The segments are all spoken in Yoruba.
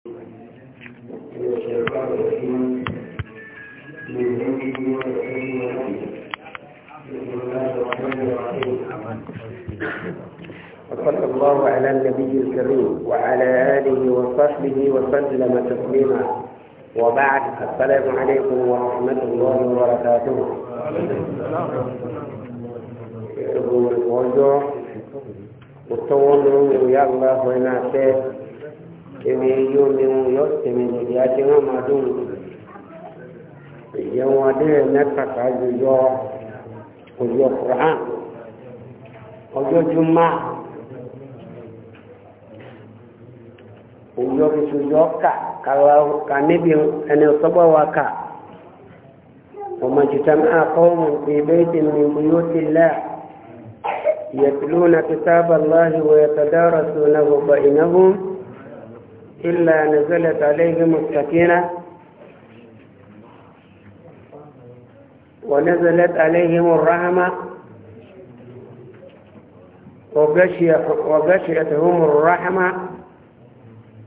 وصلى الله على النبي الكريم وعلى آله وصحبه وسلم تسليما وبعد السلام عليكم ورحمة الله وبركاته ọjọ́ òtọ́wọ́nù ورحمة الله وبركاته èmi yóò ní wọn yọ tèmi nìyí ajé wọn máa dùn ìyẹn wọn adé rẹ mẹ́ta ká yọ òyọ quran ọjọ́ jùmọ òyọ ìṣòyọ ká kàlà ká níbi ẹni ọsọgbọ wa ká ومجتمع قوم في بيت من بيوت الله يتلون كتاب الله ويتدارسونه بينهم إلا نزلت عليهم السكينة ونزلت عليهم الرحمة وغشيتهم الرحمة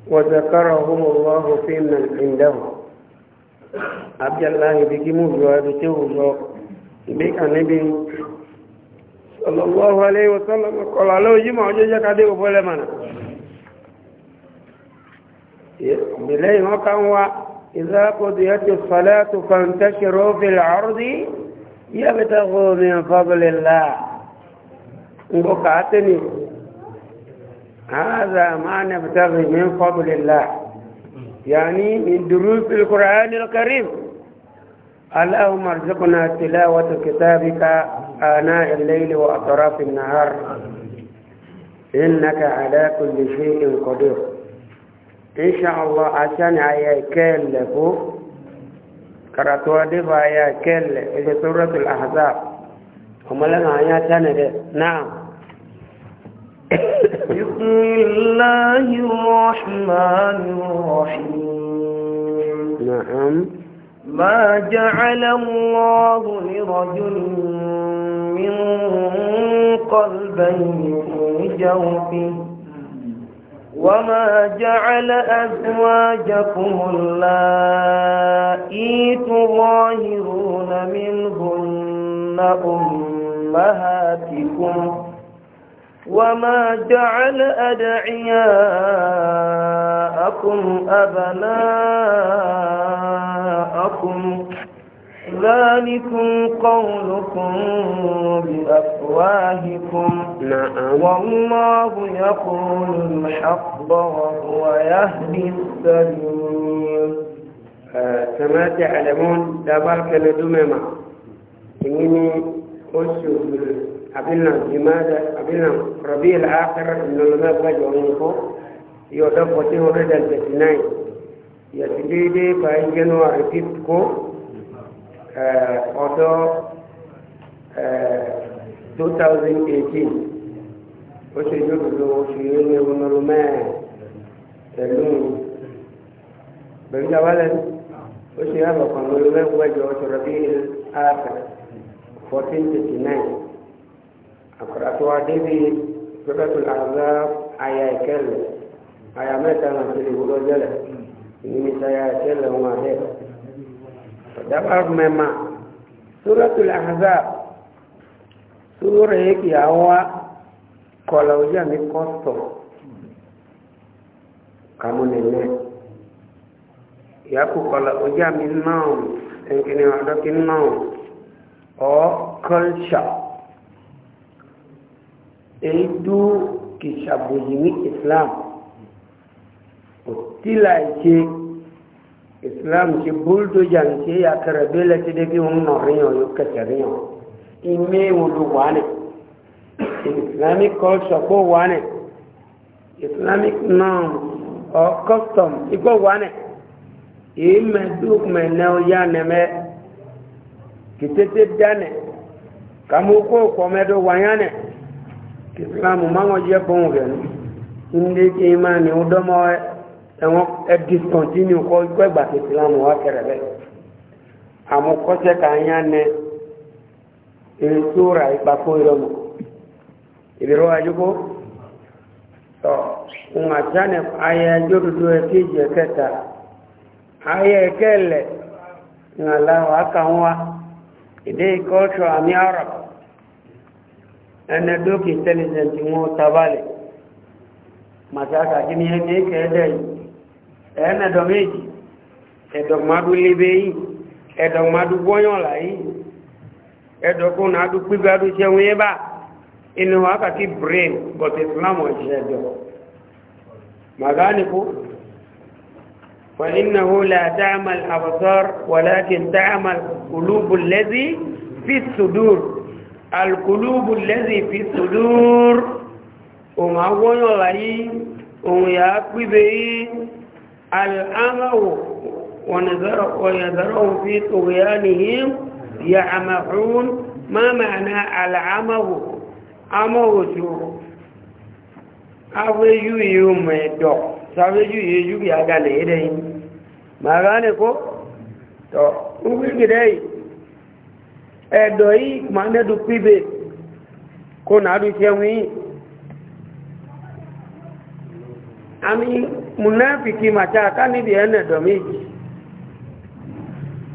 وذكرهم الله في من عنده عبد الله بكمو جواب تيوزو بك النبي صلى الله عليه وسلم قال له يجمع جوجك عليه وفلمنا بلاي مكان إذا قضيت الصلاة فانتشروا في العرض يبتغوا من فضل الله وقعتني هذا ما نبتغي من فضل الله يعني من دروس القرآن الكريم اللهم ارزقنا تلاوة كتابك آناء الليل وأطراف النهار إنك على كل شيء قدير إن شاء الله أشان آيات كل كراتوا دفع آيات كل إذا سورة الأحزاب هم لنا آيات نعم بسم الله الرحمن الرحيم نعم ما جعل الله لرجل من قلبين في جوفه وما جعل أزواجكم اللائي تظاهرون منهن أمهاتكم وما جعل أدعياءكم أبناءكم ذلكم قولكم بأفواهكم والله يقول الحق وهو يهدي السبيل كما تعلمون دبرك لدمما إنني أشهر أبنا جمادة أبنا ربيع الآخر إن لما بجوا منكم يوضب وتيه رجل بسنين يتديدي فإن جنوار فيتكم ọdọ eh, 2018 eh, ó ṣe lódodo oṣù ilé onoro pẹ̀lú pẹ̀lú jawalẹ̀ ó ṣe àbọ̀ kan lórí mẹ́wẹ́jọ ọ̀ṣọ́rọ̀ bí ààfẹ́ 1459 àkọ́ràtọ́ pẹ́pẹ́tù àgbà àyà ìkẹlẹ̀ àyà mẹ́ta náà ti lè jẹ́lẹ̀ ìkẹlẹ̀ wọn dabar mema suratul ahzab sura yake awa kọlọ̀ọ́yà ní kọ́sọ̀ kamu ìyàkù kọlọ̀ọ́yà mi náà ẹnkìnì ọ̀dọ́kì náà ọ́ kọ́lṣà kolsha itu kisah ní islam òtílà ìṣe islam ti bulldozer ti ya kẹrẹbẹ lẹti de bi ń nọrin yàn yóò kẹsẹrin yàn ime wolo wani islamic culture kó wani islamic norm or custom ikó wani ìmẹ dúk mẹ nẹwò ya nẹmẹ kìtẹtẹ dánẹ kàmú kó kọmẹ dó wáyà nẹ islam máa ń wọ jẹ bọ́n rẹ ní ndé kí n máa ní ẹ̀wọ̀n ẹ discontinue kọ́ ikọ́ ìgbà tó ti lánàá wá kẹrẹ̀ bẹ́ẹ̀ àmọ́ kọ́sẹ̀ kà ń yá nẹ èyí tó ra ipa kó irọ́ mọ̀ ìdúró ajúkó tọ́ ń àtúnyànẹ ayé ẹjọ́ dúdú ẹ kéjì ayé ẹ kẹlẹ wà kà wá ìdí kọ́ṣọ́ àmì arab ẹnẹ dókì intelligent wọn tabalẹ̀ màtí àkàtí ni ẹni kẹ́ẹ́dẹ́ yìí ẹ̀ẹ́nà ẹ̀dọ̀ méjì ẹ̀dọ̀gbọ́nadú lébé yìí ẹ̀dọ̀gbọ́nadú gbọ́yànlá yìí ẹ̀dọ̀gbọ́nadú pípẹ́adú sẹ́wọ́n yẹ́ bá inú wákàtí brain but islam ọ̀ṣẹ́ ẹ̀dọ̀ màgáníkù فإنه لا تعمل أبصار ولكن تعمل قلوب الذي في الصدور القلوب الذي في الصدور وما هو يلاي وما يقبي العمى ويذرهم في طغيانهم يعمحون ما معنى العمى عمى شو أفجو يوم دو سأفجو يجو بيادان إيدين ما غانكو تو أمي كده ẹ̀dọ̀ yìí ma nẹ́dù píbẹ̀ kó nàádù ṣẹ́wìn yìí ami munafiki matata ni bi ene domiji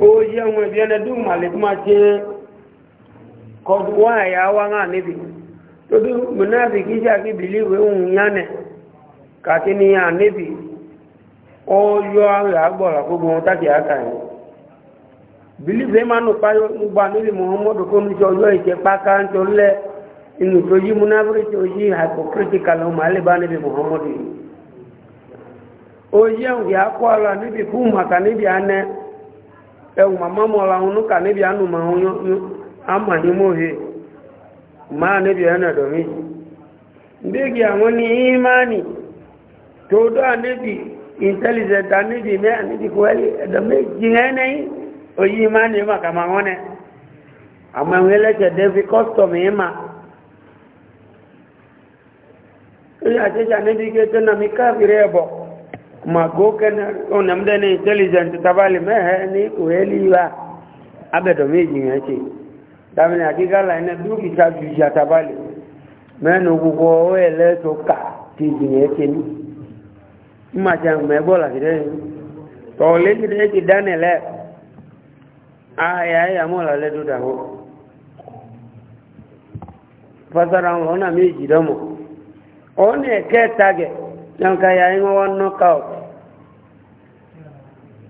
o ye won bi ene du ma je ya wa nga ni bi to du munafiki ja ki believe un ka ni ya ni bi ta ti aka ni believe ma no pa yo ngba ni muhammadu ko ni ike pa kan to le inu to yi munafiki to hypocritical o ba oye òun yà kọ́ ọ̀la níbi kú màkà níbi anẹ ẹ̀wù màmá mọ̀ọ́la òun kà níbi anùmọ̀ òun àmà ní mòhe máa níbi ẹ̀nà dọ̀mí. bíkì àwọn ní ìmánì tó dọ́ níbi intelligent níbi mẹ́à níbi kú ẹ̀lì ẹ̀dọ̀mí jìnnà ẹ̀yìn oye ìmánì màkà máa wọ́n nẹ. àmọ́ àwọn ẹlẹ́sẹ̀ dẹ́fi kọ́sítọ̀mù yìí mà. ilé àtẹ̀jà níbi kẹ́tẹ́ náà mi káàkiri ẹ̀ bọ̀ magoke na unamda ni intelligent tabali mehe ni kuheliwa abedo miji ngachi tamani hakika la ina duki sabu ya tabali menu kukowe leto ka tiji ngachi ni macha mebola kide to le ki dane le aya ya mola le duda ho fasara ona miji domo one ke tage nyankaya ingo wan knockout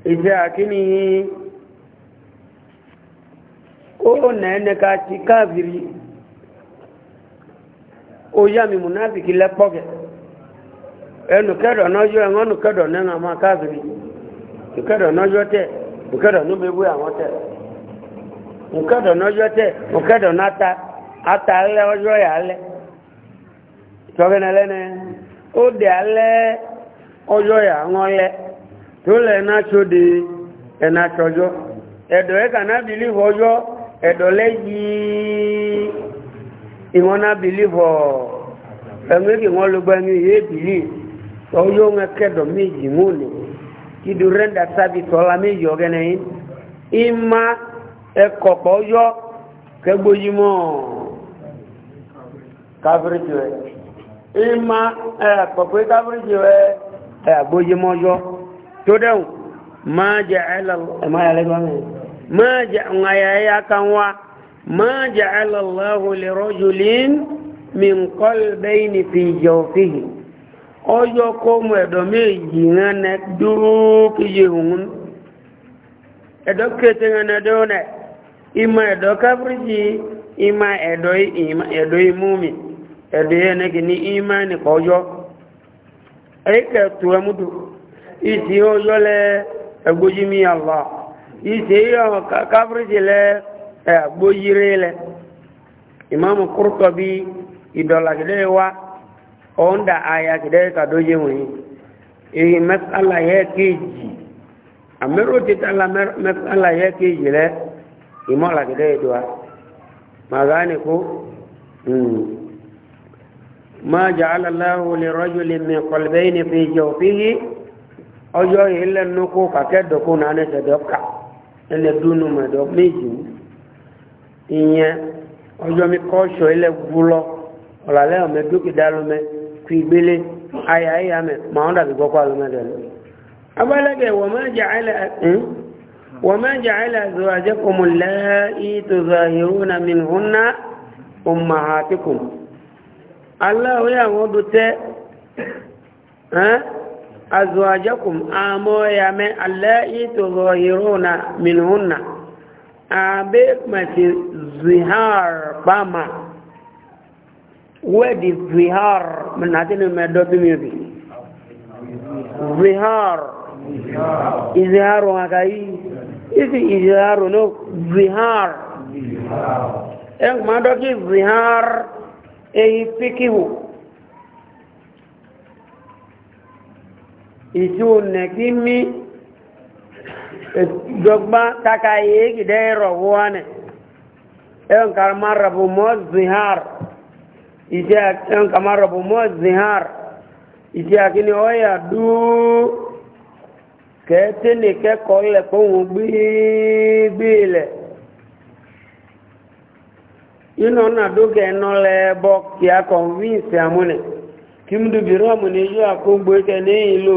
ìfẹ́ àkíní ó nà ẹnẹka ti káàfìrí ó yá mi múnáfìkì lẹ́pọ̀gẹ̀ ẹnu kẹ́dọ̀ nájọ́ ẹ̀wọ́n nù kẹ́dọ̀ nẹ́nu àmà káàfìrí ìkẹ́dọ̀ tẹ̀ tẹ̀ tẹ̀ ó dẹ̀ alẹ́ ọjọ́ tólẹ̀ ẹ̀nà tsóde ẹ̀nà tsọjọ́ ẹ̀dọ̀ ẹ̀ kàná bìlífọ̀ ọjọ́ ẹ̀dọ̀ lẹ́ yìí ìwọ́n ná bìlífọ̀ ẹ̀mí kì wọ́n ló gbẹ́mí yé bìlí ọjọ́ ń kẹ́dọ̀ méjì múni kìdù rẹ́ndà sábì tọ́lá méjì ọ̀gẹ́nẹ́ yìí ìmá ẹ̀kọ̀pọ̀ ọjọ́ kẹgbóyí mọ́ káfíríjì rẹ̀ ìmá ẹ̀kọ̀pọ̀ káfíríjì rẹ̀ ẹ̀gbóyí mọ́ ọjọ́ to dau ma ja'ala ma ya lagwa me ma ja'a ya ya kanwa ma ja'ala Allah li rajulin min qalbayn fi jawfihi ojo ko mu edo meji ngane du ki yehun edo kete ngane do ne ima edo kabriji ima edo ima edo imumi edo yene kini imani kojo eke tuwa mudu ìtì ọjọ́ lẹ ẹgbójí mi àlá ìtì ọmọ káfíríjì lẹ ẹgbójí rẹ lẹ ìmáàmù kúrúkọ bí ìdọ̀làgídẹ́ wa ọ̀hún dà ayagídẹ́ kàdójé wọ̀nyí èyí e mẹ́sàlá yẹ kéèjì àmẹ́rò títà la mẹ́sàlá yẹ kéèjì lẹ ìmọ̀làgídẹ́ yìí wa màgáni kú. ما جعل الله لرجل من قلبين في جوفه ọjọ́ yìí lẹ́ nnukwu kàkẹ́dọ̀kú náà ní ṣẹ̀dọ́kà ẹlẹ́ dúnú mẹ́dọ̀ méjì ìyẹn ọjọ́ mi kọ́ṣọ́ ilẹ̀ gbúlọ́ ọ̀làlẹ́ ọ̀mẹ́ dókítà lọ́mẹ́ kú ìgbélé ayà ayà mẹ́ màá ń dàbí gbọ́kọ́ àlọ́mẹ́ dẹ̀lú. abálẹ́gẹ̀ wọ́n máa jẹ́ àìlẹ̀ hm? àzọ́wájẹ́kùnmù lẹ́yìn tó zahiruna min hunna ummahatikum aláwọ̀ yà wọ́n dùn tẹ́ hm? azwajakum amoyame allai tuzahiruna minhunna abe mati zihar bama wedi zihar mnatini medobi mibi zihar izharu hakai isi izharu no zihar en madoki zihar ehi fikihu ìtí ònà kí mí dọ́gbá taka yìí gidẹ́ rọ̀wọ́ ánẹ̀ ẹ̀yọ́n kàmà rọ̀bù mọ́ zihar ìtí ẹ̀yọ́n kàmà zihar ìtí àkíní ọ́yà dúó kẹ́ẹ̀tẹ́ ní kẹ́kọ̀ọ́ lẹ̀ pé òun gbígbé lẹ̀ inú ọ̀nà dókè ẹ̀nà lẹ̀ kí a convince àmúnẹ̀ kí mú dùbìrọ̀ àmúnẹ̀ yóò àkógbó ẹ̀kẹ́ ní ìlú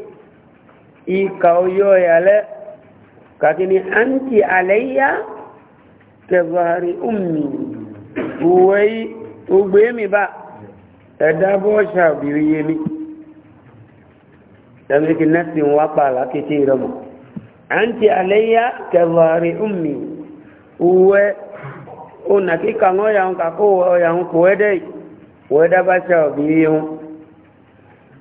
Ị ka o le, ka ndị nn anụ ntị ale ummi, uwe i, ugbui ụgbọ imi bụ a. emi. E nwere ike na-esi nwa akpa a, la akị eji ummi, uwe, ụnọ akụkọ ụgbọ ya ka ụgbọ ya ụnụ ku e dey. Ku e de ya ehu.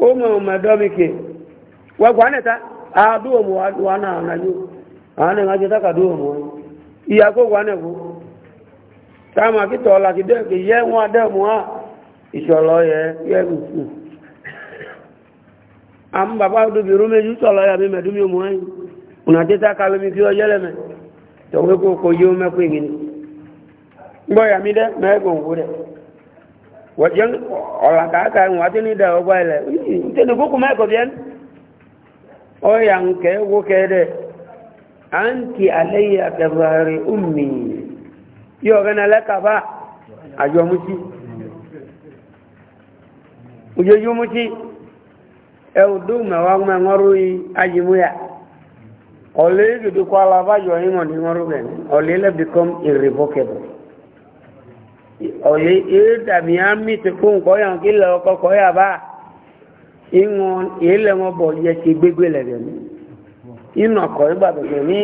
umu madomike wagwaneta aduomu wana anayu ane ngajeta kaduomu iyako gwaneku táwọn akítọ̀ làkìdẹ́ kì yẹ́ wọn adẹ́mù á ìṣọ̀lọ́ yẹ yẹ́rù fún àmú bàbá dùbì rú méjì sọ̀lọ́ yàmí mẹ́dúmí òmù ẹ́yìn ọ̀nà títà kalomi kí ọ yẹ́lẹ̀mẹ́ tọ̀wé kó kò yí ó mẹ́kù ìgbìn gbọ́ yàmí dẹ́ mẹ́gùn òwú dẹ́ wajen ọ̀làkàákà ìwọ̀n àti ní ìdáwọ̀ bá ilẹ̀ ìtẹ́lẹ̀ kókò mẹ́kọ̀ bí ẹn ọ̀yà ń kẹ́ wó kẹ́ẹ̀dẹ̀ à ń kí àlẹ́yẹ àtẹ̀bàrẹ̀ ùmì yóò rẹ̀ na lẹ́kàbá àjọmútí ojoojúmútí ẹ̀wùdó mẹ́wàá mẹ́wọ́rú ajimuya ọ̀lẹ́ ìdòdókọ́ alábájọ ìwọ̀n ni wọ́n rú bẹ̀rẹ̀ ọ̀lẹ́ lẹ́bìkọ́m irrevocable ọ̀yẹ́ èé tàbí á mì tí fún kọ́yàn kí lọ ọkọ̀ kọ́yà bá ìwọ̀n èélẹ̀ wọn bọ̀ yẹ ti gbégbé lẹ̀rẹ̀ ní ìnàkọ̀ ìgbàgbẹ̀gbẹ̀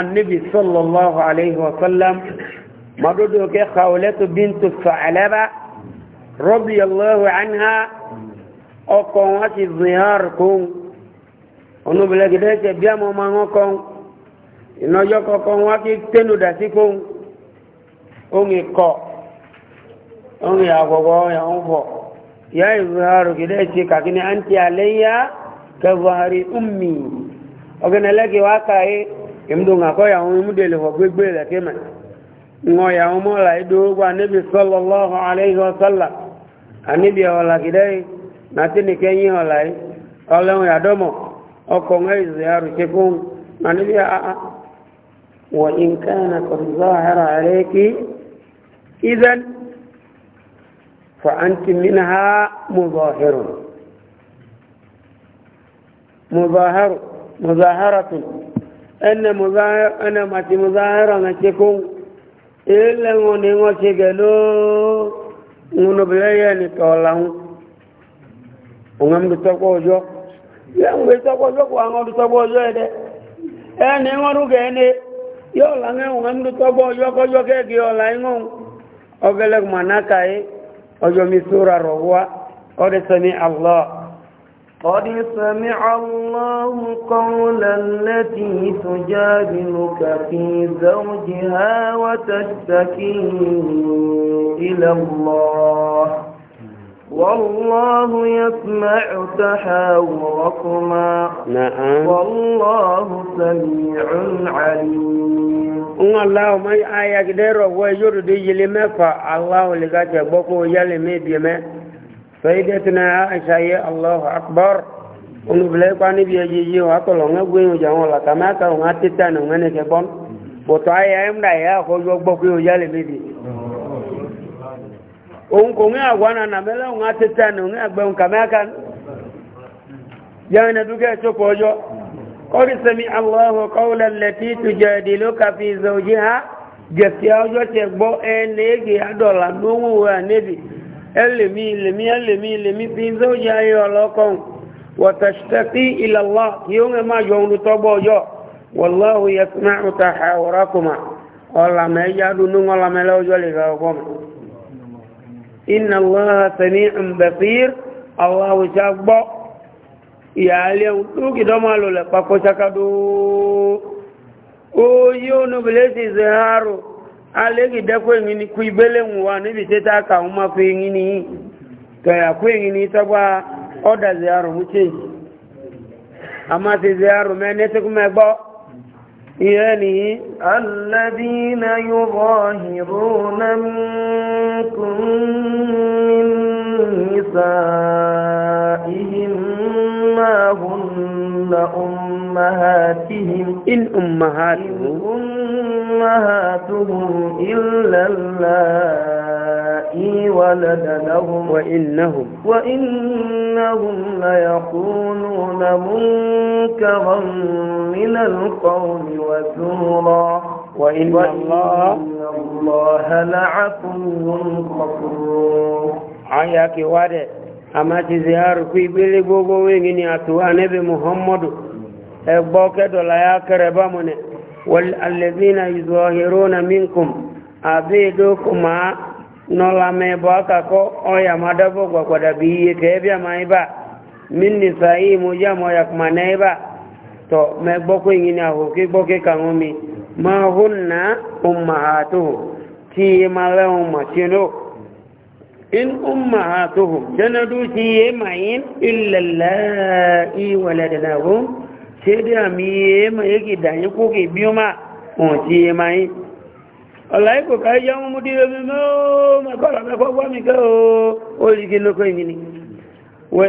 annabi sallallahu alaihi wasallam madodo رضي الله عنها أقوات الظهاركم ونبلغ ذلك بيام مانوكم إنجوك أقوات تنو داسكم أمي كو أمي أقوى يا أنفو يا الظهارك ذلك كأن أنت علي كظهر أمي أقول لك واقعي imdu nga ko ya mu la ngo ya nabi sallallahu alaihi wasallam anibi ọla gidai na tini kenyi ọla yi ọlẹ́hun yàdọ́mọ̀ ọkọ̀ ń ẹ̀ ìzìyàrù ṣe fún na níbi àá wọ̀ nǹkan na kọ̀dùzọ́ àhẹ́rà rẹ̀ kí ìzẹ́n fa'anti min ha muzahiru muzahiru muzahiratun ẹnẹ muzahir ẹnẹ mati muzahira na ṣe fún ilẹ̀ wọn ni wọ́n ṣe gẹ̀lóó ngono bi la yéni tolang ngam du toko jo ya ngi toko jo ko ngam du toko jo de e eh, ne ngoru gene yo la ne ngam du toko jo ko jo ke gi ola ngom o gelek manaka e o jo mi sura rowa o de sami allah قد سمع الله قول التي تجادلك في زوجها وتشتكي إلى الله والله يسمع تحاوركما نعم والله سميع عليم الله ما آية قدر ويرد يلمك الله لك بقو يلمي بيمه سيدتنا عائشة الله أكبر onubile kwani bi ejeje wa kolo nga gwe o jawo la kama ka nga tita no ke bon boto aya em da ya ko yo gbo ko ya le mebi on ko nga wana na mele nga tita nga gbe kama ka ya duge to ko yo qad sami allah qawla allati tujadiluka fi zawjiha jasiya yo te gbo ene ge adola no wa nebi ẹlẹ́mí lẹ́mí ẹlẹ́mí lẹ́mí bí ń tó yẹ ayé ọlọ́kọ̀ọ́n wọ̀tẹ̀ṣẹ́tí ìlàlá kí ó ń máa yọ ohun tọ́gbọ́ ọjọ́ wọ́láhù yẹ tí máa ta àwòrán kùmà ọ̀làmẹ́ yádu ní ọ̀làmẹ́ lọ́jọ́ lè ra ọkọ̀ mi. sẹ́ni ìbẹ̀fìr aláwọ̀ ìṣá gbọ́ alegi dẹ́kọ́ ìrìn ni kú ìgbélẹ̀wọ̀n wa níbi tí tá kà ń máa fi ìrìn ni kẹ̀yà kú ìrìn ni tọ́gbà ọ́dà ziyarò mú ṣe a máa ti ziyarò mẹ́ ní tí kú mẹ́ gbọ́ ìyẹ́ nìyí. alladina yuzahiruna minkum min nisaihim. ما هن أمهاتهم إن أمهاتهم أمهاتهم إلا اللائي ولدنهم وإنهم وإنهم ليقولون منكرا من القول وزورا وإن, وإن الله الله لعفو غفور عياك وارد amati ziyaru ku ibili gbogbo wengi ni atu anabi muhammadu egbo kedola ya kere ba mu ne wal allazina yuzahiruna minkum abidu kuma nola me bo aka ko oya madabo gwa kwada biye ke bia mai ba min ni sai mu ya mo ya kuma ba to me gbo ku ingi na ho ke gbo ke kanumi ma hunna ummahatu ti malawma tino in ummahatuhum dana dukiye mayin illa la'i waladnahum sai da mi ma yake da yi ko ke biyo ma won ti mayin Allah ko kai ya mu di mi mo ma kala me ko wa mi ko o li gino ko ngini wa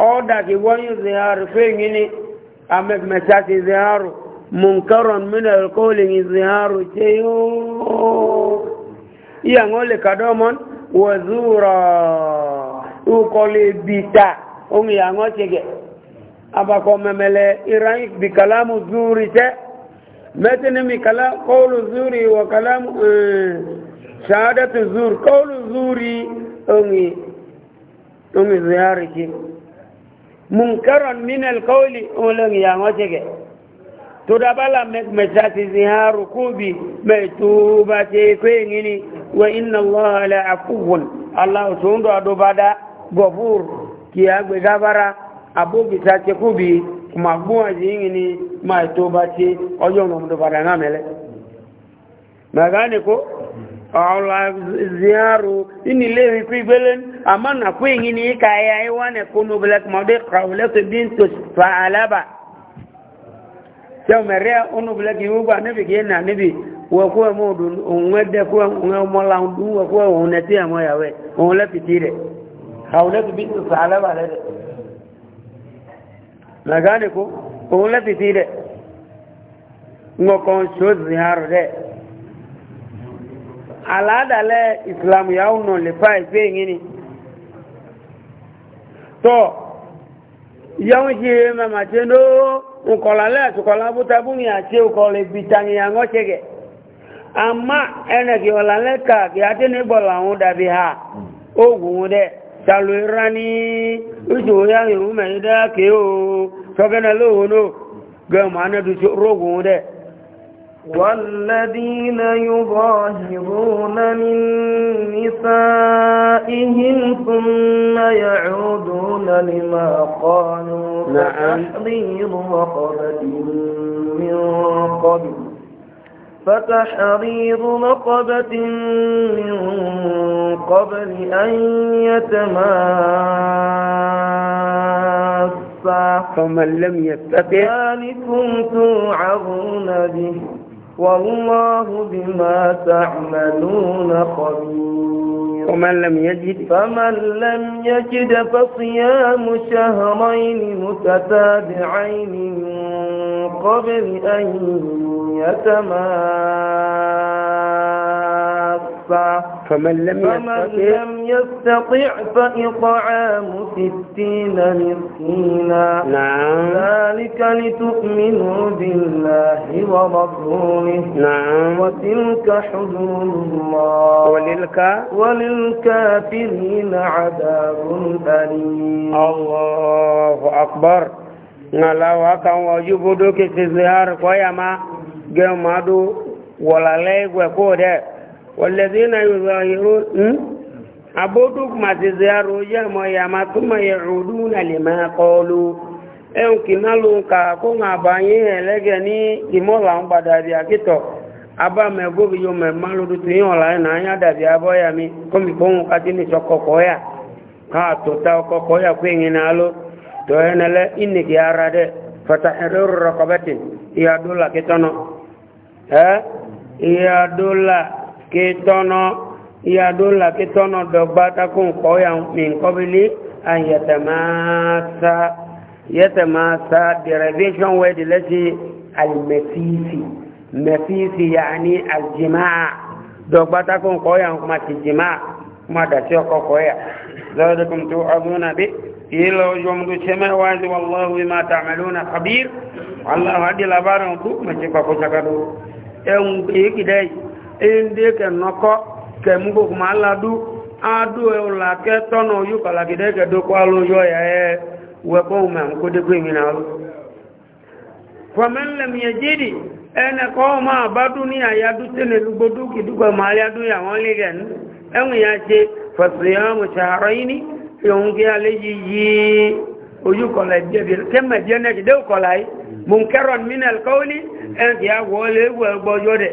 order ki wanyu ziharu fengini amekmesati ziharu munkaron min alqawli ziharu cheyo iya ngole kadomon wazura ukole bita ongi yango chege abako memele irai bi kalamu zuri te metene mi kala qawlu zuri wa kalamu eh, shahadatu zuri qawlu zuri ongi ongi ziyari cheyo munkaron min alkauli olon ya wace ke to da bala mai sati ziharu kubi mai tuba ce kwe gini wa inna Allah la afuwun Allah su hundu ado bada gofur ki ya gbe gabara abubi ta ce kubi kuma gbuwa ji gini mai tuba ce ojo na mudu bada na mele magane ko ọla ziaru ini lewi ku ibelen ama na ku ka ya iwa fa'alaba mere black ne bi na ne bi wa ku mo du ngwede ku ngwe mo la du wa ku on ti amo yawe on la pitire qawlatu bintu fa'alaba le ko on pitire al'ada lẹ islam yàwó lè fa ìgbé ma ni tọ́ yàwó ṣe mẹ́mà ṣe nkọ̀lá lẹ́ẹ̀tùkọ̀lá bútabú ni àti òkọ̀lẹ̀ bìtàní àwọn ṣẹ́gẹ̀ àmá ẹnẹ̀kì ọ̀là lẹ́kà kì á tẹ́lẹ̀ bọ̀lá àwọn dabi ha ogun dẹ̀ ní ìṣòwò náà rógùn والذين يظاهرون من نسائهم ثم يعودون لما قالوا نعم. فتحرير رقبة من قبل فتحرير رقبة من قبل أن يتماسا فمن لم يتقع ذلكم توعظون به والله بما تعملون خبير ومن لم يجد فمن لم يجد فصيام شهرين متتابعين قبل أن يتماس يعصى فمن لم يستطع فمن لم يستطع فإطعام ستين مسكينا نعم ذلك لتؤمنوا بالله ورسوله نعم وتلك حدود الله وللك وللكافرين عذاب أليم الله أكبر ngalawa kan wajubu doke ke zihar koyama ge madu wala legwe ko de والذين يظاهرون عبودك ما تزاروا يوم ما ثم يعودون لما قالوا ẹ̀hùn kì náà ló ń ka kóhùn àbáyé ẹ̀ lẹ́gẹ̀ẹ́ ní ìmọ̀lá ń padà bí akítọ̀ abáàmẹ̀ gómi yóò mẹ̀ má ló tuntun yín ọ̀la ẹ̀nà ayé àdàbí abọ́yà mi kómi kóhùn kátí ní sọkọ̀ kọ́yà káàtó ta ọkọ̀ kọ́yà kó ẹ̀yìn náà ló tó ẹ̀nà lẹ́ ìnìkì ara dẹ̀ fata ẹ̀rọ rọ̀kọ̀bẹ̀tì ìyá dọ́là kìtọ́nà ẹ̀ ìyá dọ́là kí tọ́nà ìyàdólà kí tọ́nà dọ̀gbá takùn kọ́ ya mìíkọ́bílì and yẹtẹ̀máṣá derivation word lẹ́sí alimẹ́fíìsì mẹ́fíìsì yà ní aljimáà dọ̀gbá takùn kọ́ ya kuma ti jimáà kuma da ce ko koya zalikum tu'aduna bi ila yumdu chama wa wallahu bima ta'maluna khabir Allah hadi labaran indi ke nọkọ ke mbụ ma aladu adu ụla e ke tọnụ yukọlagide ke dokwalụ yọ ya ee wekpo ma nkwudekwa imi na alụ fọmẹ́lẹ̀m yẹ jídì ẹnẹ̀kọ́ ọmọ àbádú ní àyádú tẹ́lẹ̀ lúgbódú kìdúgbọ̀ ma àyádú yàwọn lè rẹ̀ ní ẹ̀wùn ya ṣe fọ̀sùyàmù ṣàárọ̀ yìí ní ìhun kí alẹ́ yìí yí ojú kọlà ìbíẹ̀bí kẹ́mẹ̀díẹ̀ náà kìdẹ́ òkọlà yìí mùnkẹ́rọ̀ mínẹ̀l kọ́ọ́lì ẹ̀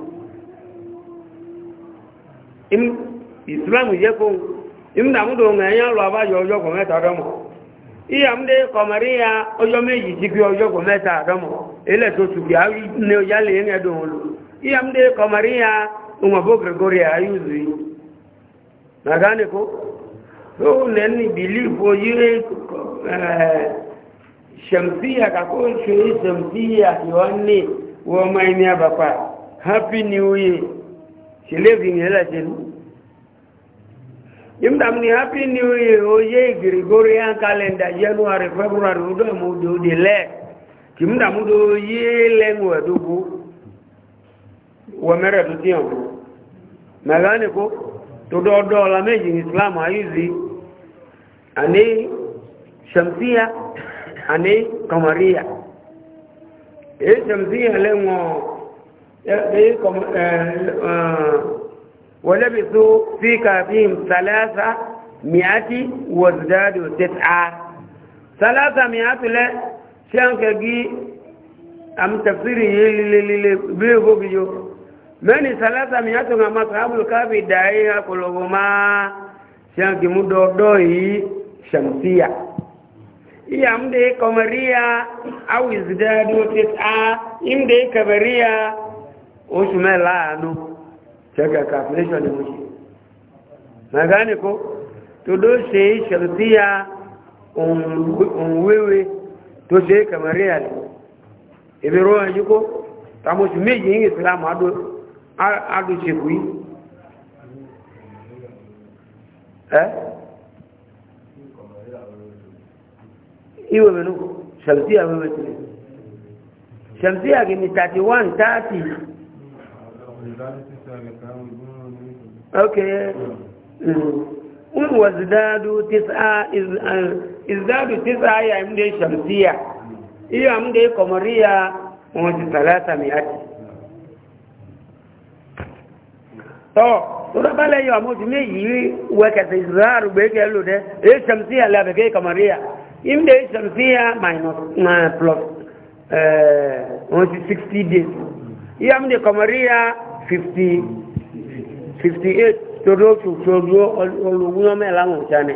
ìsìlámù yẹ kó ìmúdàmúdò ẹ̀yà lọ abájọ ọjọ́ kò mẹ́ta ìyàmúdé kọ̀mọ̀rí ya ọjọ́ méjì jí kí ọjọ́ kò mẹ́ta dọ́mọ̀ tùkì ní ọjálẹ̀ yẹn ẹ̀dùn olú ìyàmúdé kọ̀mọ̀rí ya ọmọbó gregoria ayúzù yìí nàdánìkó tó ṣe ní wọ́n imdam ni happy new year oye gregorian calendar january february udo e mu do de le kimdam do ye lengo adugu e wa mera do tion magane ko to do do la meji islam ayuzi ani shamsia ani kamaria e shamsia lengo e e eh ولبثوا في كافهم ثلاثة مئة وازدادوا تسعة ثلاثة مئة لا شانك جي أم تفسيري بيهو بيو من ثلاثة مئة ما صحاب الكافي داعيها كلهما شانك مدودوي شمسية iya mda ya kamariya awi zidadu tis'a inda ya kabariya o shi mai la'anu shaga calculation ne muke na gane ko to do unwewe to sai kamar real ibiro ta meji yin islam ado ado ce eh iwe menu shartiya wewe tuli shartiya gini 31 30 Okay. Un wazdadu tis'a eh, izdadu tis'a ya mde shamsia. Iyo mde komaria mwezi talata miati. To, tunapale hiyo amuti meji weka tizraru beke lude. Iyo eh, shamsia la beke komaria. Imde shamsia minus na plus eh uh, 60 days. Iyo mde komaria fifty fifty eight todo todo olugun ọmọ ẹ láwọn ọjà ni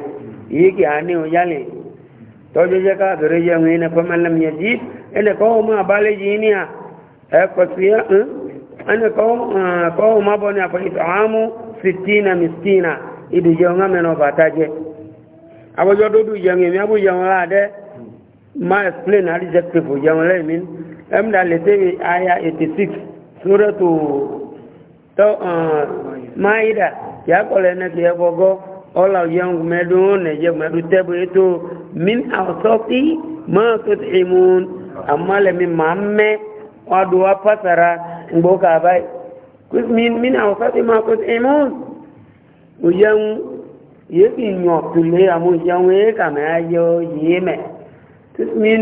iye kì á ní ọjà lè tọ́jú jẹ́ ká àbẹ̀rẹ̀ jẹ́ òun ẹnì kan máa lẹ́mú yẹn jí ẹnì kan ó máa bá léjì ní à ẹ pọ̀ sí ẹ ẹnì kan ó máa bọ̀ ní àpẹẹrẹ àmú sitina mistina ìdíje ọ̀hún àmì náà bàtà jẹ àwùjọ dúdú jẹun èmi àbú jẹun láàdẹ máa explain àdìjẹ pèpò jẹun lẹ́yìn mi ẹ̀mdà lè tẹ́wé aya eighty six sórẹ́tò. tọ́ máyídà yà kọ́lẹ̀ ẹ̀nà kìí ẹgbọ́gọ́ ọlà òyìn mẹ́dún nẹ̀jẹ̀ mẹ́dún tẹ́bù to, min àwọ̀sọ́fí máa tó ti mú àmọ́lẹ̀mí máa ń mẹ́ ọdún wa pàtàrà gbọ́ kàbá min àwọ̀sọ́fí máa tó ti mú òyìn yìí kì í yàn min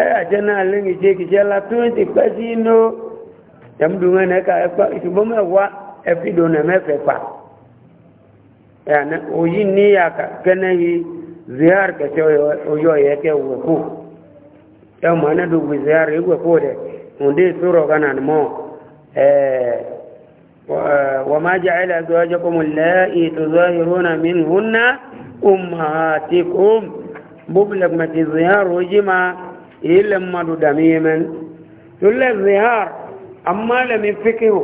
ẹ̀yàjẹ́ náà lẹ́yìn jẹ́ kìjẹ́ la tó ti pẹ́ sí inú ẹ̀mùdùnmọ́ ẹ̀ka ẹ̀pá ìṣùgbọ́n mẹ́wàá ẹ̀fìdò nà mẹ́fẹ̀ pa òyí ní kẹ́nẹ́ yìí zihar kẹsẹ̀ oyọ yẹ kẹ́ wẹ̀ kó zihar yìí wẹ̀ kó dẹ̀ ǹdí mọ́ wọ́n máa jẹ́ zihar ojí ile madu damiyemen tulle zihar amma la mi fikihu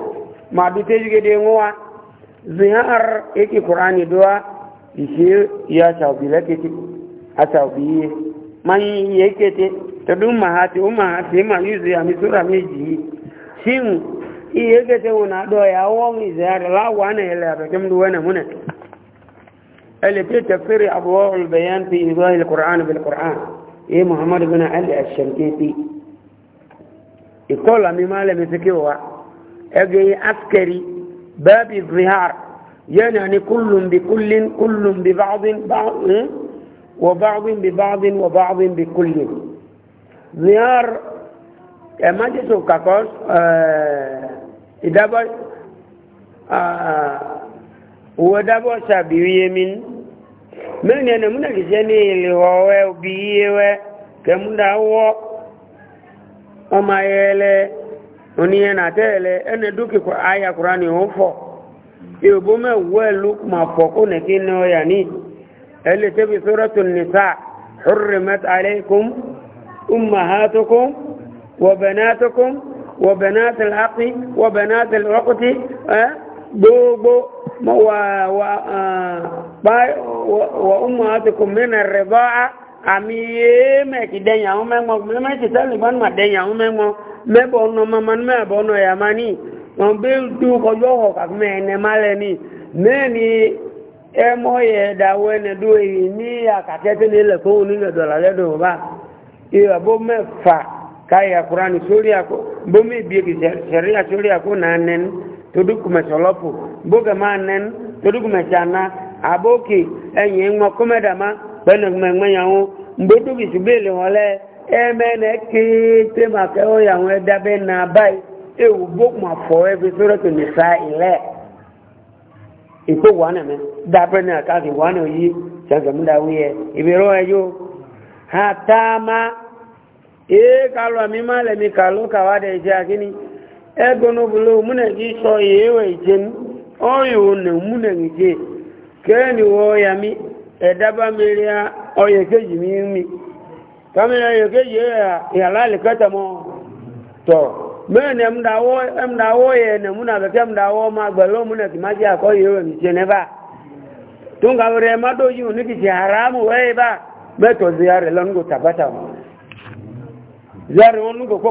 ma bi tejige de ngwa zihar yake qur'ani doa ishe ya shawbila kiti asawbiye man yake te tadum mahati umma sema yuzi ya misura meji shin iye ke te una do ya won zihar la wana ile abekem duwana munet اللي في تفسير أبواب البيان في إيضاح القرآن بالقرآن ايه محمد بن علي الشنقيطي يقول امي مالي مسكيوا اجي عسكري باب الظهار يعني كل بكل كل ببعض بعض وبعض ببعض وبعض بكل ظهار ما جسو كاكوس إدابا ودابا سابيو يمين mẹ́rin ẹni múnà kì í ṣe ní ilé ọ̀wẹ́ òbí yíyé wẹ́ kẹmúdà wọ́ ọmọ ayẹlẹ́ oníyẹn àtẹ́ẹ̀lẹ́ ẹni dúkìkọ ayakura ni ó fọ̀ ìbò mẹ́wọ́ ẹ̀lú mà fọ̀ kó nà kí ní ọyà حرمت عليكم أمهاتكم وبناتكم وبنات الأخ وبنات الأخت أه؟ بو بو و و آه wa ummahatukum min reba ridaa ami me ki denya o me mo me ti tali ban ma denya o me mo me bo no ma man me bo no ya mani won be du ko yo ho ka me ne male ni me ni e mo ye ne du yi ni ya ka tete ni le ko ni le do la le do ba i ba bo me fa ka ya qur'ani sori ako bo me bi ki sharia sori ako na nen to du solopo bo ga ma nen to du chana aboki enyi nwa kumedama pẹlú mẹgbẹyàwó gbẹdúkì síbílì wọn lẹ ẹmẹnẹ kéèké màkà ọyàwó ẹdábẹ na báyìí ewu bókùn àfọ ẹbí e, sọrọ tó ní sa ilẹ ìkó wà nàmẹ dábẹ náà káàkiri wà nà yí sàgbẹmúdàwí yẹ ìbẹrẹ ee ka kéènì wọ yàmí ẹ̀dábá mẹ́rin ọyẹ̀kejì mi mi kàmínà ọyẹ̀kejì ìhàlá ìlẹ̀kẹta mọ́ tọ̀ mẹ́rin ẹ̀mdàwọ́ yẹ nẹ̀múnà kẹ́kẹ́ ẹ̀mdàwọ́ máa gbẹ̀lọ́ múnà kì má jẹ́ àkọ́ yẹ̀wò mi ṣe nẹ́bà tó ń kàwẹ̀rẹ̀ má dójú ní kìí haramu wẹ́ẹ̀ bá mẹ́tọ̀ ziyarẹ̀ lọ́nùgò tàbátà wọn ziyarẹ̀ wọn nùgò kó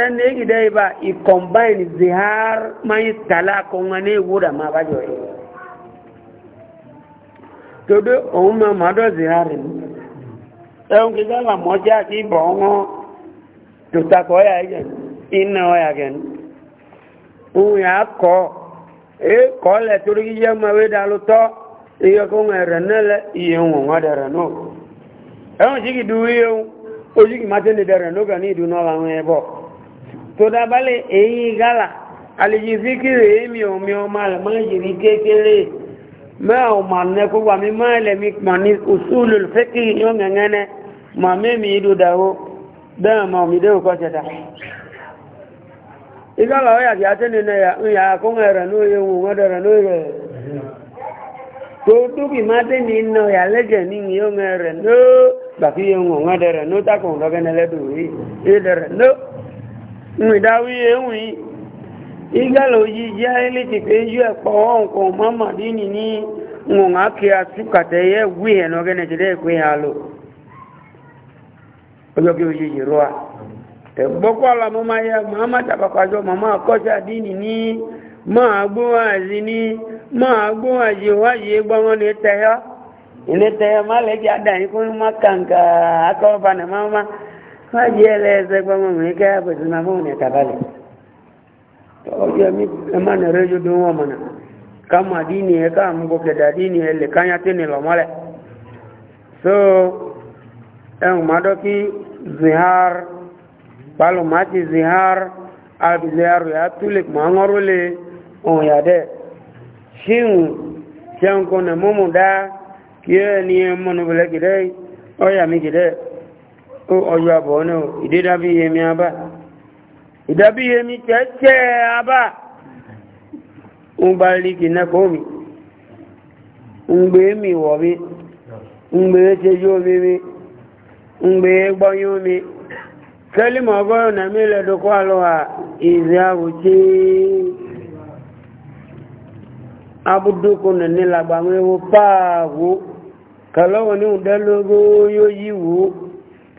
ẹni èyí dẹ́ ibà ìkọ̀mbáìn zihar máa tala akụ akọ̀ǹgá ní ma máa bá jọ todo òun máa máa m zihar ni ẹ̀hún kí sábà mọ́já kí ibọ̀ ọ̀hún tó takọ̀ ọ̀yà ẹ̀jẹ̀ iná ọ̀yà gẹ̀ẹ́nu e yà ọ kọ́ gị. kọ́ lẹ̀ na idu ọ tòdà balẹ̀ èyí gálà àlejò fíkìrì èmi omi ọmọ rẹ̀ máa yìí kékeré mẹ́ ọmọ àná kó wà mí máa lẹ̀ mi mọ̀ ní òṣùlù fíkìrì yóò gẹ̀ngẹ́nẹ́ mọ̀ mẹ́mi ìdòdàwó bẹ́ẹ̀ mọ̀ mi déwò kọ́ tẹ̀ta igala ọya ti atẹ́ni náà ìyá akọ́nà rẹ̀ lóye ohun ọ̀dọ̀ rẹ̀ ní ìyá ọ̀nà rẹ̀ ló gbàkúyẹ ohun rẹ̀ ìdáwíyé wùí ìgbàlò yìí jẹ́ ilé ti pé yú ẹ̀pọ̀ e ọ̀nkọ̀ mọ́màdí nì ní ǹwọ̀n ákí àtúkàtẹ̀ yẹ wí ẹ̀nà ọ̀gẹ́nẹ̀ tẹ́lẹ̀ pé ha lò ọjọ́ kí o ṣe yìí rọ́à ẹ̀gbọ́kọ́ àlàmọ́ máa yẹ màmá tàbàkàjọ màmá àkọ́ṣà dínì ní máa gbóhùn ní máa wáyé ní tẹ́yọ́ tẹ́yọ́ má má jẹ́ ẹlẹ́ẹ̀ẹ́sẹ́ gbọ́mọ̀ mi kẹ́ àpèsè máa fún ìrìn àtàbálẹ̀ ọjọ́ mi ẹmà nà rẹ́jọ́ dún wọn mọ̀nà ká mọ̀ àdínì ẹ ká mú gòkèdè àdínì ẹ lè káyà tí ni lọ́mọ́lẹ̀ so ẹ̀hùn má dọ́kí zihar palo má ti zihar albi zihar yà túlẹ̀ mọ́ ọ́nọ́rọ́ lé ọ̀hún yà dẹ́ ṣíhùn ṣẹ́hùn kọ́nà mọ́mọ́ dá kí ẹ ní ẹ mọ́nà bẹ̀lẹ́ ọ̀yà mi gẹ̀dẹ́ ó ọjọ́ àbọ̀ náà ìdédábí yẹmi abá ìdábí yẹmi tẹ́tẹ́ abá ń bá líkì nẹ́kọ́ mi ń gbé mi wọ̀ mi ń gbé tẹ́jú omi mi ń gbé gbọ́yún mi kẹ́límọ̀ ọgọ́rùn-ún náà mi lẹ́dọ̀kọ́ àlọ́wà ìzẹ́ àwòtí abúdókò nìlàgbàmọ́ ewu pààwó kẹ́lọ́wọ́ ní ìdẹ́lógó yóò yíwòó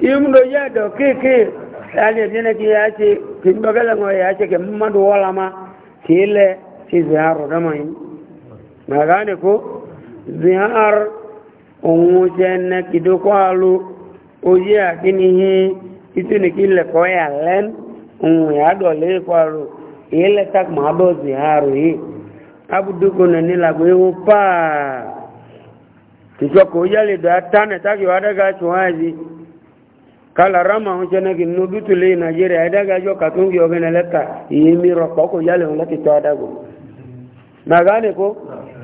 imdo yado kiki yani dine ki yace kin bagala ngo yace ke madu wala ma kile ki ziharu dama yi na gane ko zihar onwu jenne kido kwalu oye akinihi itu ni kile koya len onwu ya dole kwalu ile tak ma do ziharu yi abudu ko na nila go ewo pa tijoko yale da tane taki wadaga chuwazi kala rama ŋun tɛ ne ki nudu tule nigeria ɛdá ka jɔ katun ki ɔgɛnɛ lɛ ta iye mi rɔ kɔkɔ yalɛ ŋun lɛ ti tɔ ada go naga ne ko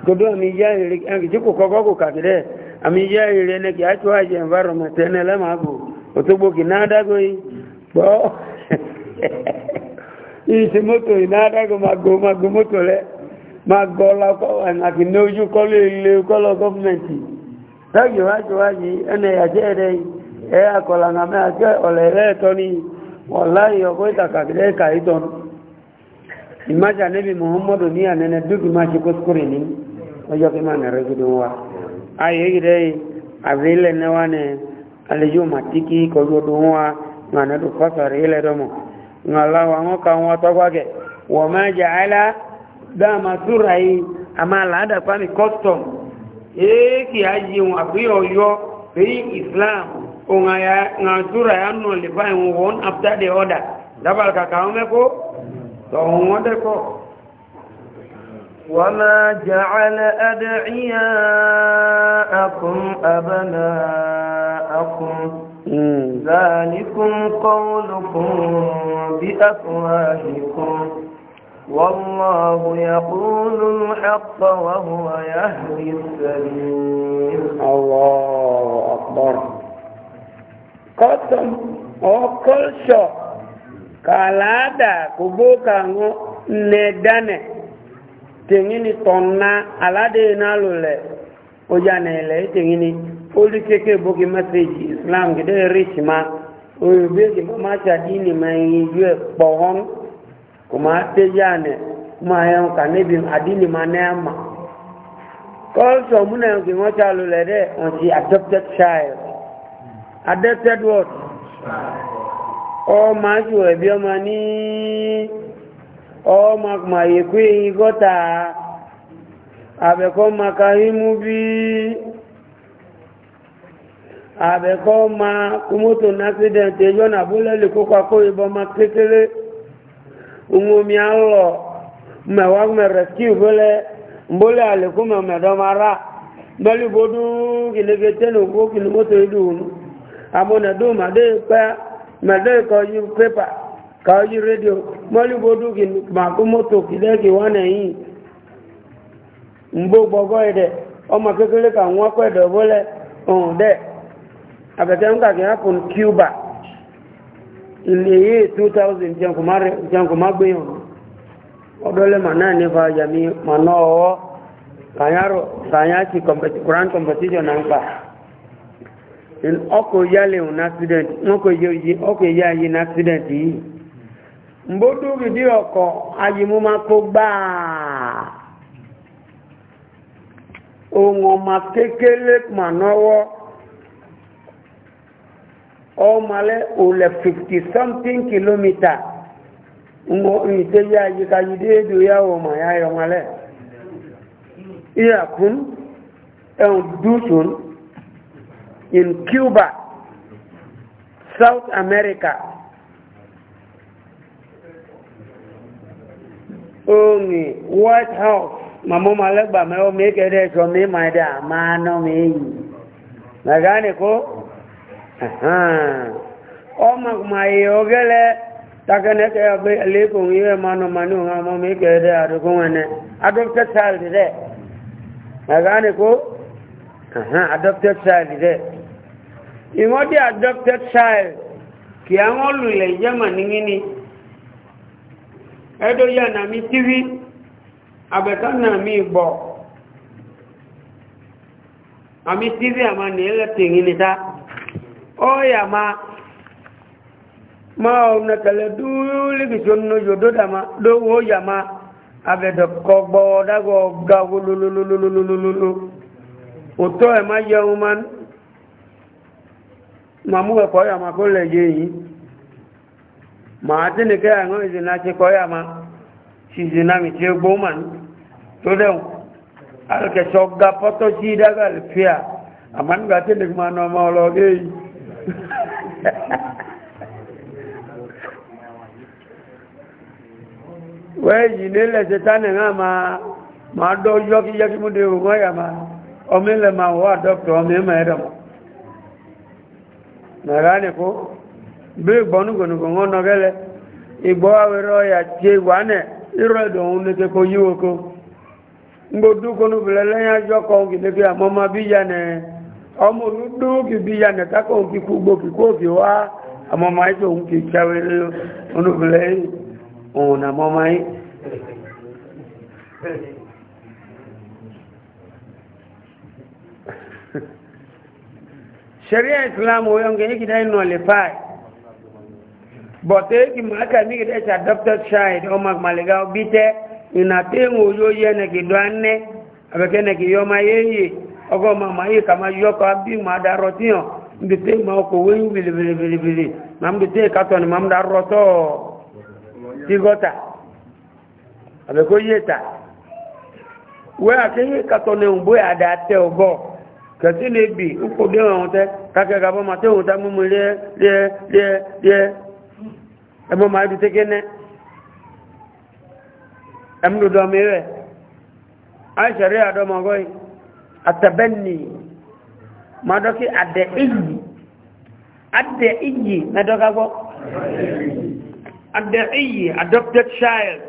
kodo ami ya ere ɛnki tí kò kɔkɔ kò kàti dɛ ami ya ere ne ki atso ayé environment ɛnɛ lɛ ma go otogbo ki na ada yi gbɔ iyisi moto yi na ada go ma go ma go moto lɛ ma gɔ la kɔ ɛnaki n'ojú kɔlɔ ele kɔlɔ gɔvmɛnti tagi wa tso wa yi ɛnɛ yàtse yi ẹ akọ̀là nà mẹ́ àjọ ọ̀lẹ̀ ẹlẹ́ẹ̀tọ́ ní wọ̀láyé ọkọ̀ ìtàkàkìlẹ̀ ẹ̀ka ìtọ́nu ìmájà níbi muhammadu ní ànẹ́nẹ́ dúkì máa ṣe kóskórè ní ọjọ́ kí máa nẹ̀rẹ́ gidi wa ayé ìrẹ́ àbílẹ̀ náwà ní àlejò màtíkì kọjú ọdún wa nànẹ́dù fásàrí ilẹ̀ dọ́mọ̀ ńláwà wọn kà máa jẹ́ àìlá dáàmà súra yìí ní kọ́stọ̀m èé kì á yí wọn àpéyọ̀ yọ islam ungaya ngadura ya no le buy one after the order dabal ka kaume ko to ngode ko وما جعل أدعياءكم أبناءكم ذلكم قولكم بأفواهكم والله يقول الحق وهو يهدي السبيل الله أكبر custom or culture kalada kuboka ngo nedane tengini tonna alade na lule ojane le tengini oli keke boki message islam gede rich ma oyo beki ma cha dini ma yue pohon kuma tejane kuma yon kanebi adini manema culture muna yon ki ngo cha lule de on si adopted child adẹ́tẹ́d word ọmọ aṣọ ẹ̀bí ọmọ ní ọmọ àkùmàyèkú èyí gọ́ta àbẹ̀kọ́ ma kárímú bí àbẹ̀kọ́ ma kúmọ́tò náṣídẹ̀ǹt ẹjọ́ nàbúlẹ̀lẹ̀ kópa kó ìbọn ma kékeré ohun omi àlọ́ mẹ̀wàá mẹ̀rẹ̀ kí ìbọ́lẹ̀ mbọ́lẹ̀ àlẹ́kùn mẹ̀mẹ̀dọ́mara bẹ́lú bodú kìlẹ̀kẹ́ tẹ́lẹ̀ ògbó kìlẹ̀mọ́tò ìdùnnú amúnàdó màdé pẹ́ màdé kọjú pépà kọjú rédíò mọ́lúbodú kì màkú mọ́tò kìdẹ́kì wọ́n nẹ̀yìn mbó gbọ́gbọ́ ẹ̀dẹ̀ ọmọ kékeré kà wọ́n kọ́ ẹ̀dọ̀ bọ́lẹ̀ ọ̀hún dẹ̀ àbẹ̀tẹ̀ ń kàkì hapun cuba ilé yé 2000 má ọdọ́lẹ̀ mà náà ní fa mà náà ọwọ́ ti grand competition náà ń ọkọ̀ yálẹ̀ òun accident ọkọ̀ ìyá ayé ní accident yìí mbódú gidi ọkọ̀ ayimú máa kó gbáà ohun ọmọ kékeré mà náwọ́ ọmọlẹ́ òlẹ̀ 50 something kilometer ngọ́ ìtẹ́yẹ àyíká yìí déédò yá ọmọ yá ọmọlẹ́ ìyàkún ẹ̀hùn dúsùn in Cuba, South America. Ongi White House, mamu malegba meo meke de so mi maida mano mi. Nagane ko? Aha. Oma kumai ogele takane ke abe lekun iwe mano manu nga mo meke de adukungane. Adopted child de. Nagane ko? Aha, adopted child de ìwọ́n dé adopted child kì àwọn olùlẹ̀ ìjẹ́mà níní ni ẹ̀dọ́ yà nà mí tíwí àbẹ̀ká nà mí bọ̀ àmì tíwí àmà ní ẹlẹ́tì ìní ta ó yà má máa ọ̀nà kẹlẹ̀ dúúlìkìsọ nínú yòdó dàmá lówó yà má àbẹ̀dọ̀kọ gbọ́ dágọ́ gbáwó lólólólólólólólóló ma mú ẹ̀kọ́ yàmà kó lẹ̀ yé yìí ma á tí ní kẹ́ àwọn ìzìnà ti kọ́ yàmà sí ìzìnà mi tí ó gbó mà ní tó dẹ̀wọ̀n alùkẹ̀ṣọ́ ga pọ́tọ́ sí dága lùfíà àmà nígbà tí ní ma nà ọmọ ọlọ́gẹ́ yìí wẹ́ẹ̀ yìí nílẹ̀ sẹ́tánì náà ma dọ́ yọ́kíyọ́kí mú de òun ọ̀yà ma ọmọ ilẹ̀ ma wọ́ àdọ́kítọ̀ ọmọ ẹ̀mọ̀ ẹ̀rọ na gane ko bil gbonu gonu gongo no gele igbo awero ya tie wane iro do un ne ko yiwo ko ngbo du konu ya jo ko ngi bi ya ne ki bi ya ne ka ko ki ku gbo ki ko wa amo to un ki chawe sharia islam o yonge yake dai nullify but yake maka ni da ta adopted child o mak maliga bite ina tengo yo yene ki dwanne abeke ne ki yoma yeye ogo mama yi kama yo ko bi ma da rotion mbite ma ko wen bili bili bili bili mam bite ka to ni mam da roto tigota abeko yeta we akenye ka to ne mbo ya da te ogo kẹtí lè bì ńkò dé ọ̀hún tẹ kákẹ́kẹ́ abọ́ máa tẹ́wọ̀n tá mímú rí ẹ rí ẹ rí ẹ rí ẹ ẹmọ máa dùn tẹ́kẹ́ nẹ́ ẹmú dodo ọmọ rẹ̀ àìsàn rí àdọ́mọ àtẹ̀bẹ́ni máa dọ́kí àdẹ ìyì àdẹ ìyì mẹ́dọ́ká gbọ́ ìyì adopted child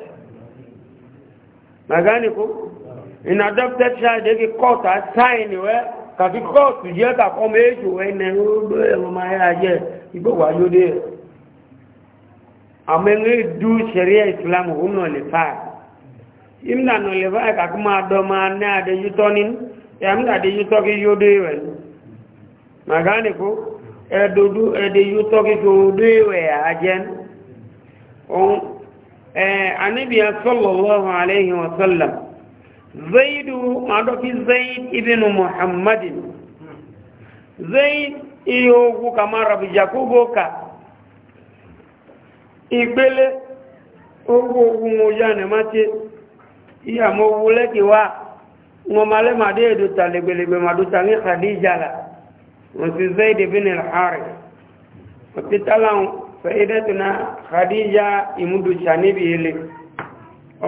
màgánìkú in adopted child èké kọ́ọ̀tà sáìn wẹ́ẹ́. kàti kọ́ọ̀tù jẹ́ kàkọ́ méjì ẹnẹ ọgbọ́ ẹ̀rọ máa yá jẹ́ ìgbòwà lóde àmẹ́rin dú sẹ̀ríà ìsìlámù ó nà lè fáà ìmìnà nà lè fáà kàkọ́ máa dọ́ máa ní àdéjútọ́ ní ẹ̀mí àdéjútọ́ kí yóde rẹ̀ màgánìkó ẹ̀dọ́dú ẹ̀dẹ́jútọ́ kí yóde rẹ̀ àjẹ́ ohun ẹ̀ anábìyàn sọ́lọ̀lọ́hùn àlẹ́yìn zaidu madoki zaid ibinu muhammadin zaid iyogu kama rabi jakubo ka ìgbélé owó ogun oya ni má ti ìyàmọ́ owó lẹ́kì wá wọn ma lẹ́ màdé èdòta lẹ́gbẹ̀lẹ́gbẹ̀ màdóta khadija la wọ́n ti zaid ibn al-harith wọ́n ti tálàun fẹ́ẹ́dẹ́tùná khadija ìmúdùsà níbi ilé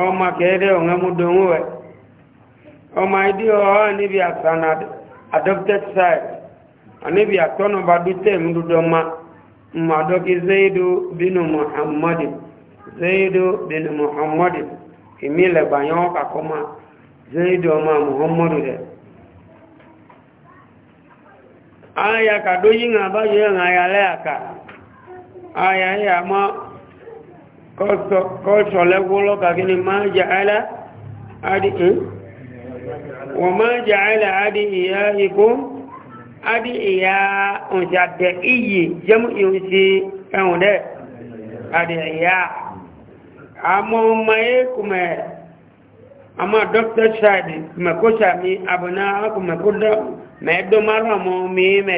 ọmọ kẹ́ẹ́dẹ́ ọ̀hún ẹmúdùn wẹ̀ ọmọ ìdí ọ̀họ́ níbi àsànà adopted side níbi àtọ́nàbà dútẹ́ ìmúdúdọ́má mọ̀dọ́kí zaidu bínú muhammadin zaidu bínú muhammadin ìmí lẹ̀gbàyàn kàkọ́mà zaidu ọmọ muhammadu rẹ̀ ayaka dóyí ń àbáyé ìrìnàyàlẹ́ àkà ayayi àmọ́ kọ́ṣọ̀lẹ́gbọ́lọ́kà kí ni máa jẹ́ alẹ́ adìkún وما جعل أدعيائكم أدعياء جدئي جمع ينسي أو ده أدعياء أما ما يكم أما دكتور شادي ما كوشامي أبناءكم ما كودا ما يبدو مرة مؤمنين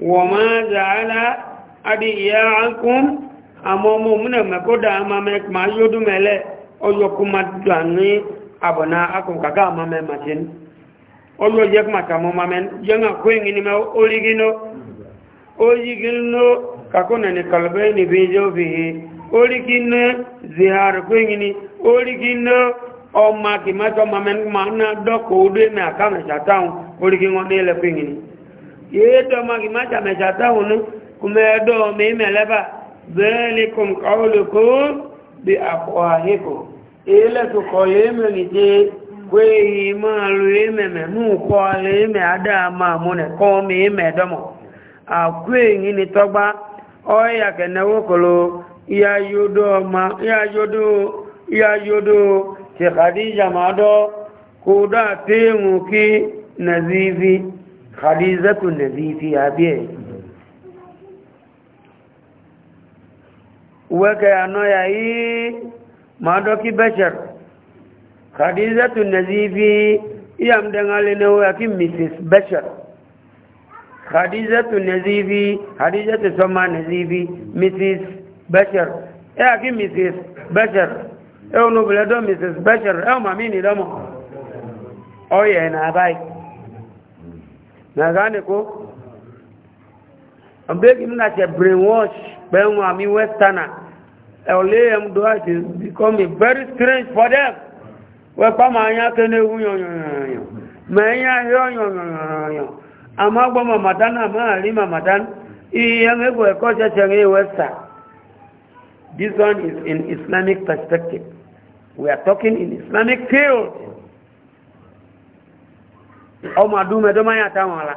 وما جعل أدعياءكم أما مؤمنين ما كودا أما ما يودو ملأ أو يكم أدعياء abona akun kaga mame matin olo yek mata mo mamen yanga kwengi ni ma oligino oligino kakona ni kalbe ni bijo bihi oligino zihar kwengi ni oligino o ma ki ma to mamen ma na doko ude na kama chataun e oligino ni le kwengi ni ye to ma ki ma chama chataun kume do me meleba ذلكم قولكم بأفواهكم ilẹ̀ tó kọ̀ yẹ́ mẹ́rìndé pé yìí máa lo ẹ̀mẹ̀mẹ̀ mú kọ́ alẹ́ ẹ̀mẹ̀ adá kọ́ mi ẹ̀mẹ̀ àkú èyí ni tọ́gbá ọ́yà kẹ̀nẹ́wó ya yáyódó tẹ̀kàdíjà máa dọ́ kó kí nàzífi wẹ́kẹ̀ àná yà yìí ma doki bashar khadijatu nazifi iyam dangale ne wa ki mrs bashar khadijatu nazifi khadijatu soma nazifi mrs bashar ya e ki mrs bashar e onu bele do mrs bashar e ma mi ni domo oye na bai na gane ko ambe ki mna che brainwash pe won ami westerner Olayem Duat is becoming very strange for them. Wẹ́pá máa yá kéne wú yọ̀nyọ̀nyọ̀nyọ̀. Mẹ́yà yọ̀nyọ̀nyọ̀nyọ̀. ma gbọ́ Mamadan àmọ́ àrí Mamadan. Iye mẹ́gbọ̀ ẹ̀kọ́ ṣẹ̀ṣẹ̀ ní Wẹ́sà. This one is in Islamic perspective. We are talking in Islamic field. Ọmọ àdúmẹ̀dọ́ máa yàtá wọn la.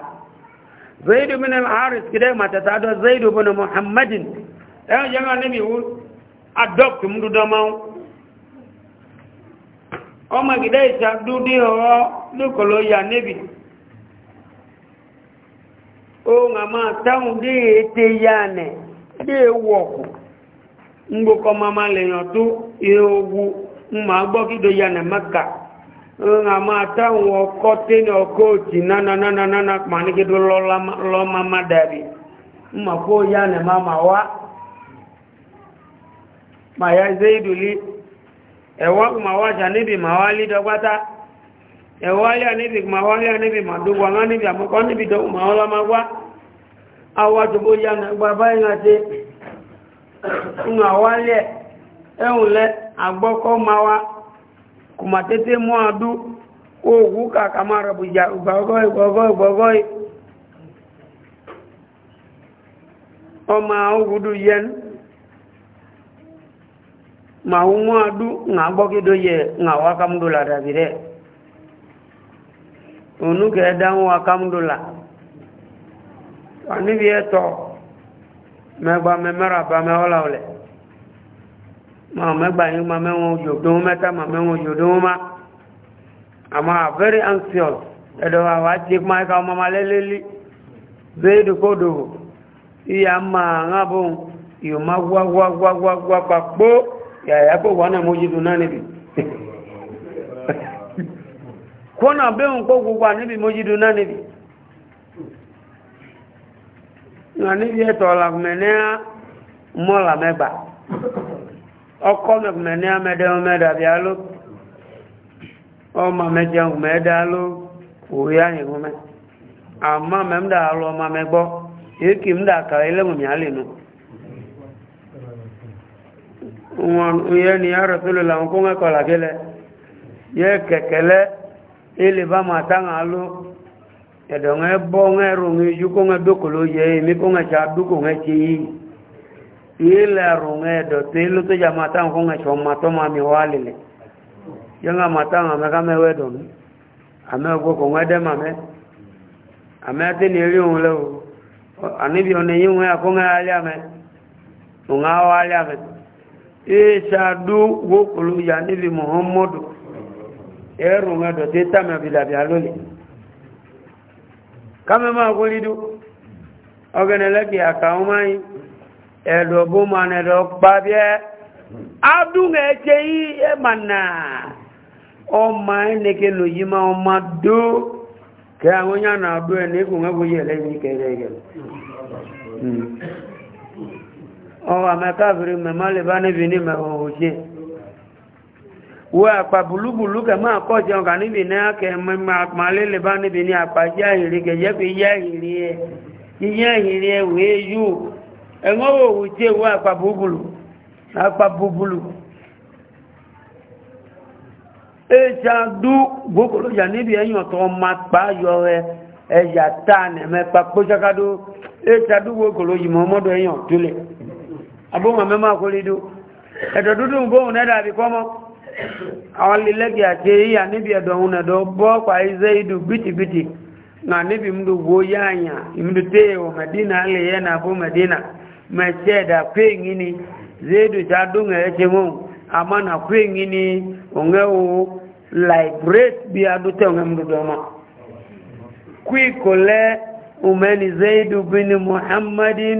Zaidu bin al-Haris kìdẹ́ matata dọ̀ Zaidu bin Muhammadin. Ẹ̀yọ́ jẹ́ adopt mdu damau ọmọ gida isa dúdí ọwọ́ lókòló ya níbi ohun àmà táwọn dé ètè ya nẹ̀ mama ewu ma ya nẹ̀ mẹ́ka na na na na tẹ́ni ọkọ́ òtì nánanánánà pàníkídò lọ́ mama ya nẹ̀ mama wa. ma ya zaidu li ẹ̀wọ́ e ma wá ṣà níbi ma wá lé dọ́gbátá ẹ̀wọ́ e alẹ́ níbi ma wá lé níbi ma dúgbà wá níbi àmọ́kọ́ níbi dọ́gbà ma wọ́n lọ́mọ wá awọ́ tó bó yá na gba báyìí na ṣe ń àwọ́ alẹ́ ẹ̀hùn ọmọ àwọn yẹnu ma nwa du nga gbogido ye nga wakamdula dabire onu ke dan wakamdula ani bi eto megba me ba me ola ole ma megba yin ma mewon ojo meta ma mewon ojo ma ama very anxious edo wa wa ti ma ka ma ma leleli be kodo iya ma ngabon yo ma gwa gwa gwa gwa gwa pa ya ko wana moji dunani bi kona be un ko gugwa ni bi moji dunani bi ngani ye to la menea mola meba oko me menea me de me da bi alo o ma me je un me da lo o ya ni ko me ama me mda alo ma me gbo e ki mda ka ile mu mi ale nu no. ဝန်ဦးရနီရဆူလလောင်ကုန်းကော်လာခဲ့လေရဲကဲကဲလေအေလီဘာမာတန်အားလို့ရဒုံငယ်ဘုံငယ်ရုံကြီးကုန်းကဒုက္ခလို့ရေးမိကုန်းကချာဒုက္ခငယ်ချီဤလာရုံငယ်တော့တေလို့တေချာမာတန်ကုန်းကချောမာတော်မာမီဝါလီလေရငါမာတန်ကမကမဲဝဲတော်နီအမဲဝကုန်းဝဲတဲ့မမဲအမဲတင်နေရုံလို့အနိဗျောနေရုံကုန်းကအားလျာမဲငါဝါလျာမဲ ìṣàdú wókòló ya níbi mọ̀hánmọ́dù ẹ̀rùn ẹ̀dọ̀ tí tàmì àbìlàbì alólè kámẹ́ máa kó lídú ọgẹ́nẹ̀lẹ́kì àkàwọn máa yí ẹ̀dọ̀ bó ma nẹ̀dọ̀ pàbíẹ́ adún ẹ̀ẹ́kẹ́ yí ẹ̀ mà náà ọmọ ẹnẹ́kẹ́ lò yí máa ọmọ dó kẹ́ àwọn yànnà àdó ẹ̀ ọwọ́ àmẹ́káfìrí mẹ́mọ́ lè bá níbi ní mẹ́wọ̀n òṣè wọ àpà bùlúbùlú kẹ máa kọ́ jẹun kà níbi náà kẹ máa lè lè bá níbi ní àpà yá ìrì kẹ jẹ́ pé yá ìrì ẹ yíyá ìrì ẹ wé yú ẹ̀wọ́n wò wò jẹ́ wọ àpà bùbùlù àpà bùbùlù ẹ̀ṣà dú gbókòlójà níbi ẹ̀yìn ọ̀tọ̀ ọmọ apá yọ ẹ ẹ̀yà tá a nẹ̀mẹ́pa pósákádó ẹ̀ṣà dú gbókòlójì mọ́ ọmọdé ẹ̀yìn ọ̀túlẹ̀ abúmọ̀ mẹ́mọ́ àkórídó ẹ̀dọ̀ dúdú ń bóhùn nẹ́dà àbí kọ́mọ́ àwọn lílẹ́gì àti yíyà níbi ẹ̀dọ̀ ohun ẹ̀dọ̀ bọ́ọ̀pá iṣẹ́ ìdù bìtìbìtì na níbi mdù gbó yáàyà ìmdù téèwò mẹ́dínà lè na bó mẹ́dínà mẹ́ṣẹ́ ẹ̀dà péyìn ni zéèdù tá a dún ẹ̀ ṣe mọ́ àmọ́ na péyìn ni òun ẹ̀wò láìbírèt bí adútẹ̀ òun ẹ̀mdù dọ́mọ́ kú ìkọlẹ́ òmẹ́ni zéèdù bínú muhammadin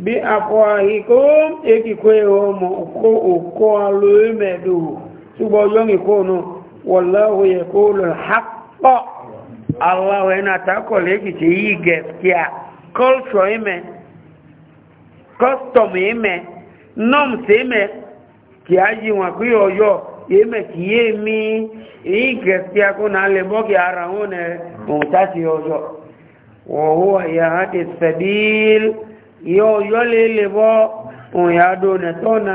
bí àfọ́àríkó èkìkó ẹ̀rọ ọmọ òkó òkó alórímẹ̀dò ṣùgbọ́n yọ́n wọ̀láwọ̀ yẹ kó aláwọ̀ ẹ̀nà àtàkọ̀ lẹ́kìtì yìí gẹ̀ẹ́kìá kọ́lṣọ̀ ìmẹ̀ kọ́stọ̀mù ìmẹ̀ á yí wọn yóò yọ́lé lè bọ́ òyìn àdó nẹ̀tọ́ na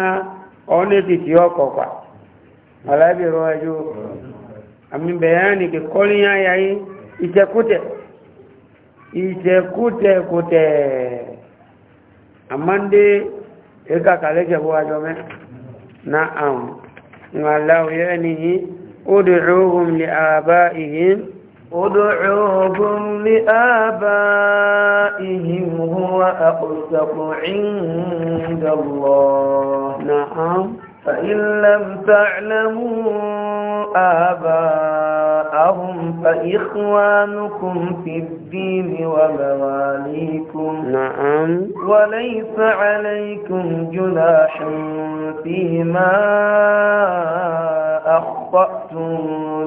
ọ́nà títí ọkọ̀ọ̀kọ̀ ya ẹjọ́ àmì bẹ̀yàn nìkẹ́ kọ́líyàn yáyé ìtẹ̀kútẹ̀ ìtẹ̀kútẹ̀kútẹ̀ àmọ́ndé ẹ̀ka kàlẹ́kẹ̀ bó wájọ mẹ́ na àwọn ìwàláwọ̀ yẹ́ nìyí ó dẹ̀ rọ́gùn lè ادعوهم لآبائهم هو أقسط عند الله نعم فإن لم تعلموا آباءهم فإخوانكم في الدين ومواليكم نعم وليس عليكم جناح فيما أخطأتم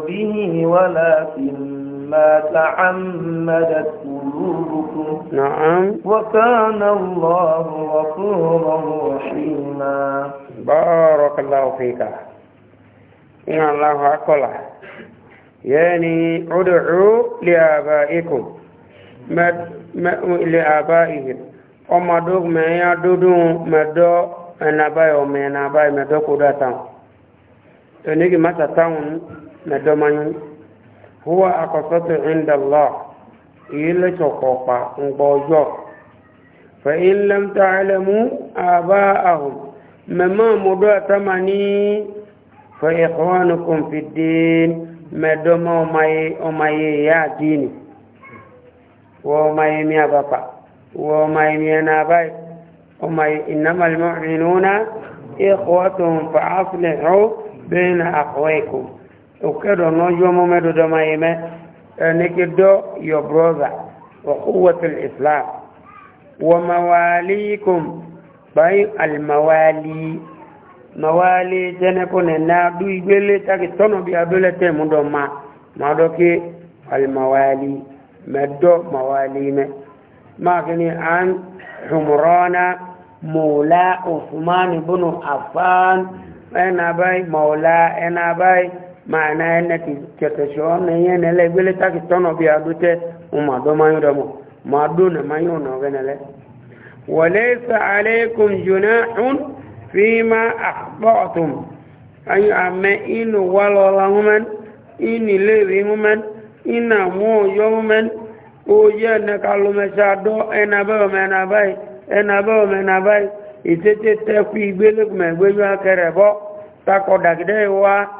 به ولكن ما تعمدت قلوبكم نعم وكان الله غفورا رحيما بارك الله فيك إن الله أقول يعني ادعوا لآبائكم لآبائهم أما دوغ ما يدودون ما دو أنا باي وما باي ما دو كودا تاون تنيجي ما تاون مدو دو huwa akọsọtọ indala ilé sọkọpa ngbọjọ fa ilẹm ta alẹmu aba ahun mẹmọ mọdọ atamani fa ìkọwánu kọmfidin mẹdọmọ ọmọye ya dini wọ ọmọye mi abapa wọ ọmọye mi ẹna abayi ọmọye ìnàmà lọmọ ìnúna ìkọwàtò fa afilẹ ọ bẹẹ na àkọwẹ ukedo no yomo medo do mayime nikido your brother wa quwwat al-islam wa mawalikum bay al-mawali mawali tene kone na du igbele taki tono bi abele te mundo ma madoki al-mawali meddo mawali me makini an humrana mawla uthman ibn affan ena bay mawla ena bay maana ene kichekesho ne yene le gbele ta kitono bi adute umado mayudo mo madune mayuno genele walaysa alaykum junahun fima akhbatum ay amme inu walola human ini lewi human ina mo yo human o ye ne kalume sado enabe mena bai enabe mena bai itete te ku igbele kuma gbeju akere bo takoda gide wa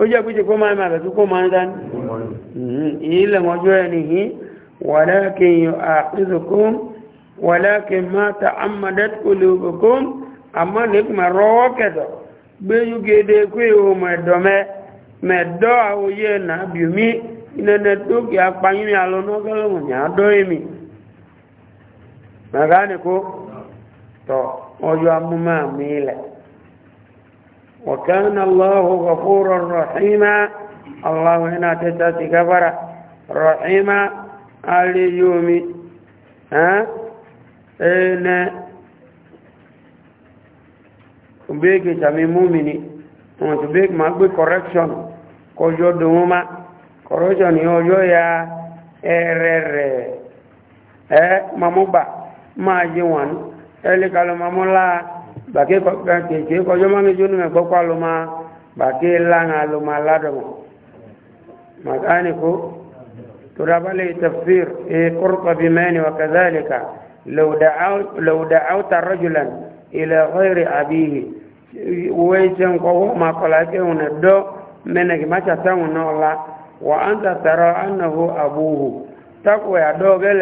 ó jẹ́ pé jẹ́kọ́ máa máa bẹ̀tú kó máa ń dání ilẹ̀ ọjọ́ ẹni yìí wàlákin yóò àkízùkún wàlákin máa ta amadet àmọ́ nígbà rọwọ́ kẹtọ̀ gbé yúgede kú ihò mẹ̀dọ́mẹ́ mẹ̀dọ́ àwòyẹ náà tó kì í apayín alọ́ nọ́gọ́lọ́mù وكان الله غفورا رحيما الله هنا تتاتي كفر رحيما اليوم ها ان بيك تامي مؤمني وانت بيك ما بي كوركشن كوجو دوما كوركشن يوجو يا ارر ا با ما جوان ele kalau لا bàkẹ́ kẹ̀kẹ́ kọjọ́ máa ní jónú mẹ́kọ́kọ́ ló máa bàkẹ́ láhàn ló máa ládọ̀mọ̀ màkánìkó tó dábálẹ̀ tafsir kúrkọ̀ bí mẹ́ni wà kazalika لو دعوت رجلا إلى غير أبيه ويسن قوه ما قلعته ندو منك ما تتعو نولا وأنت ترى أنه أبوه تقوى دوغل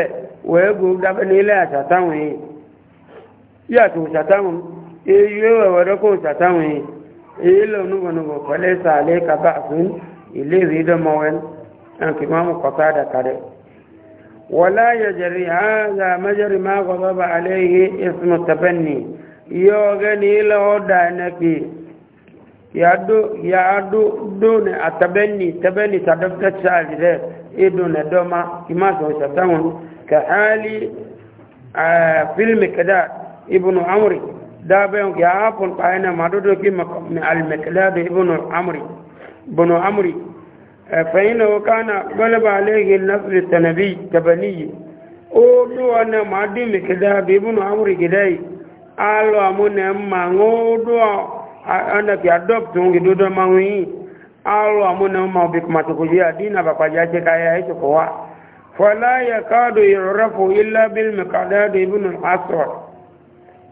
ويقول دفن إليه تتعو يأتو تتعو eyi ẹwẹ̀wẹ̀ dọ́kọ̀ sàtàwọn èyí lọ nùgbọ̀nùgbọ̀ pẹ̀lẹ́ sàálẹ́ kaba fún ilé rí dọ́mọwẹ́n ẹnkì máa mú kọ̀tà dàkàrẹ́ wọlá yẹjẹrì ààzà mẹjẹrì máa kọ̀tà bá alẹ́ ihe ìsinmi tẹ́fẹ́ni yọ ọgẹ́ ní ilẹ̀ ọ̀dà ẹnẹ́pì yàádó dóni àtẹ́bẹ́ni tẹ́bẹ́ni sàdọ́kítẹ́ sàálì rẹ̀ ìdùnnà dọ́mà ìmá sọ̀rọ̀ sàtàwọn kàhálì fílmì kẹdà ibùnú amúrì دابن يعافون قاينا مدودو كما المكلاب ابن عمري بن عمري فإنه كان غلب عليه النصر التنبي تبني او دو أنا مادي مكلاب ابن عمري كداي alo amune mma ngodo ana ki adopt ungi dodo mawi alo amune mma obik matukujia dina bapajaje kaya hicho kwa fala yakadu yurafu illa bil miqdad ibn al-aswad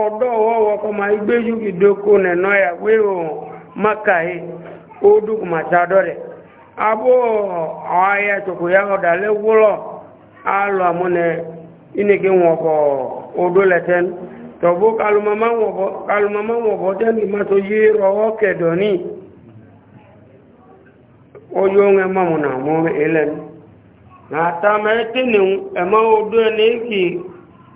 ọ̀dọ́ ọwọ́wọ́ kọ ma igbé yúkì dókó nẹ̀nà ìyàwó ohun makahe ó dùkù dọ rẹ̀ abó ọ̀háyà tòkò ya ọ̀dà lẹ́wọ́lọ̀ alọ àmúnẹ̀ ineke wọ̀bọ̀ odó lẹ́tẹ́n tọ̀bó kalumama wọ̀bọ̀ tẹ́nì má tó yé rọwọ́ kẹ̀dọ̀ ní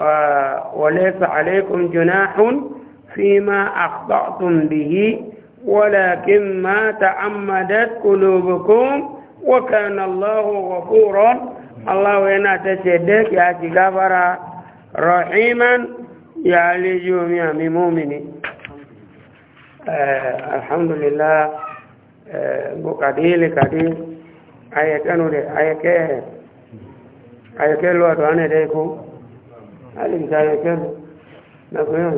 آه، وليس عليكم جناح فيما أخطأتم به ولكن ما تعمدت قلوبكم وكان الله غفورا الله ينا تشدك يا تكبر رحيما يا لجوم يا آه الحمد لله آه، بقديل قديم آية كانوا دي آية كي آية كي لواتو ديكو hali mtarekeza na kuona